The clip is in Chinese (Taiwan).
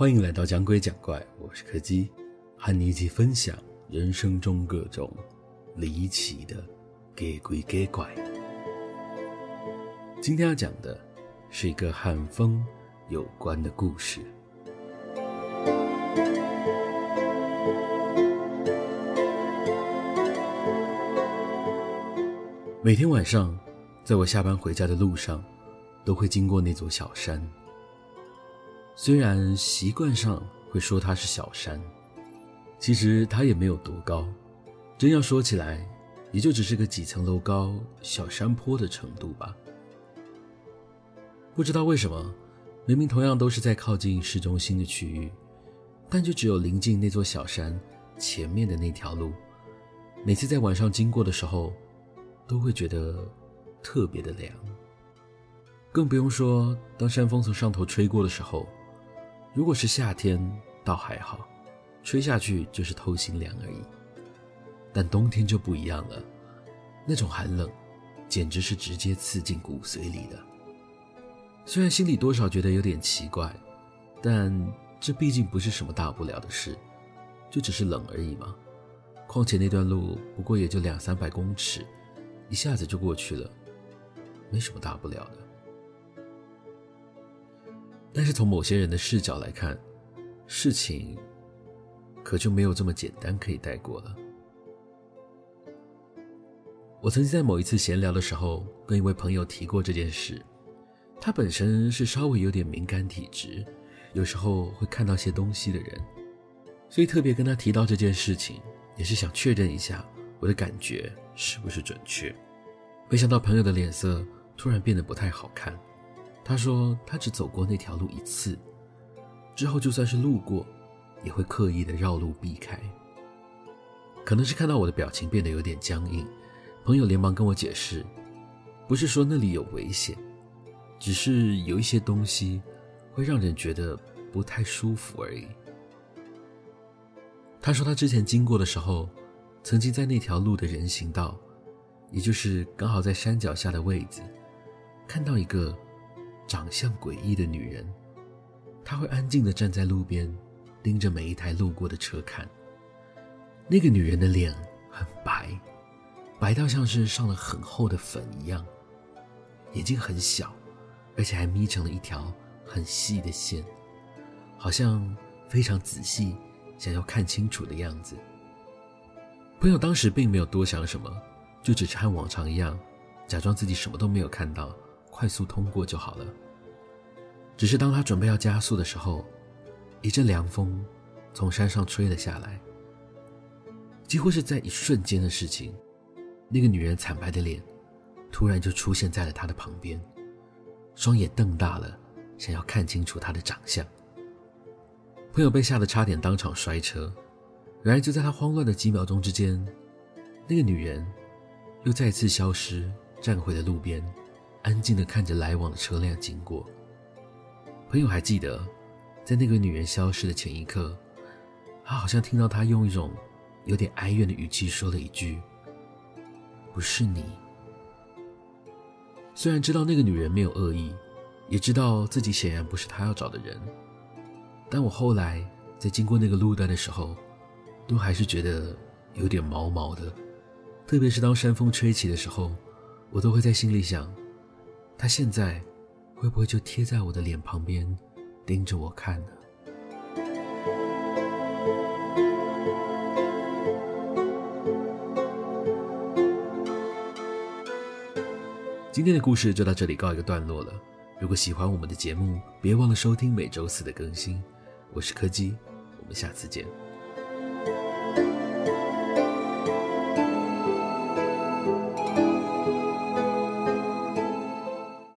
歡迎來到講鬼講怪，我是柯基，和你一起分享人生中各種離奇的鬼鬼怪怪。今天要講的是一個和風有關的故事。每天晚上，在我下班回家的路上，都會經過那座小山。雖然習慣上會說它是小山，其實它也沒有多高。真要說起來，也就只是個幾層樓高小山坡的程度吧。不知道為什麼，明明同樣都是在靠近市中心的區域，但就只有臨近那座小山前面的那條路，每次在晚上經過的時候，都會覺得特別的涼。更不用說當山風從上頭吹過的時候。如果是夏天，倒還好，吹下去就是透心涼而已。但冬天就不一樣了，那種寒冷，簡直是直接刺進骨髓裡的。雖然心裡多少覺得有點奇怪，但這畢竟不是什麼大不了的事，就只是冷而已嘛。況且那段路不過也就兩三百公尺，一下子就過去了，沒什麼大不了的。但是從某些人的視角來看，事情可就沒有這麼簡單可以帶過了。我曾經在某一次閒聊的時候，跟一位朋友提過這件事。他本身是稍微有點敏感體質，有時候會看到些東西的人，所以特別跟他提到這件事情，也是想確認一下我的感覺是不是準確。沒想到朋友的臉色突然變得不太好看。他說：“他只走過那條路一次，之後就算是路過，也會刻意的繞路避開。可能是看到我的表情變得有點僵硬，朋友連忙跟我解釋：不是說那裡有危險，只是有一些東西會讓人覺得不太舒服而已。”他說：“他之前經過的時候，曾經在那條路的人行道，也就是剛好在山腳下的位置，看到一個。”長相詭異的女人，她會安靜的站在路邊，盯着每一台路過的車看。那個女人的臉很白，白到像是上了很厚的粉一樣，眼睛很小，而且還眯成了一條很細的線，好像非常仔細，想要看清楚的樣子。朋友當時並沒有多想什麼，就只是和往常一樣，假裝自己什麼都沒有看到，快速通過就好了。只是當他準備要加速的時候，一陣涼風從山上吹了下來。幾乎是在一瞬間的事情，那個女人慘白的臉突然就出現在了他的旁邊，雙眼瞪大了，想要看清楚她的長相。朋友被嚇得差點當場摔車，然而就在他慌亂的幾秒鐘之間，那個女人又再次消失，站回了路邊，安靜的看着來往的車輛經過。朋友還記得，在那個女人消失的前一刻，他好像聽到她用一種有點哀怨的語氣說了一句：“不是你。”雖然知道那個女人沒有惡意，也知道自己顯然不是她要找的人，但我後來在經過那個路段的時候，都還是覺得有點毛毛的。特別是當山風吹起的時候，我都會在心裡想，她現在。會不會就貼在我的臉旁邊，盯着我看呢？今天的故事就到這裡告一個段落了。如果喜歡我們的節目，別忘了收聽每周四的更新。我是柯基，我們下次見。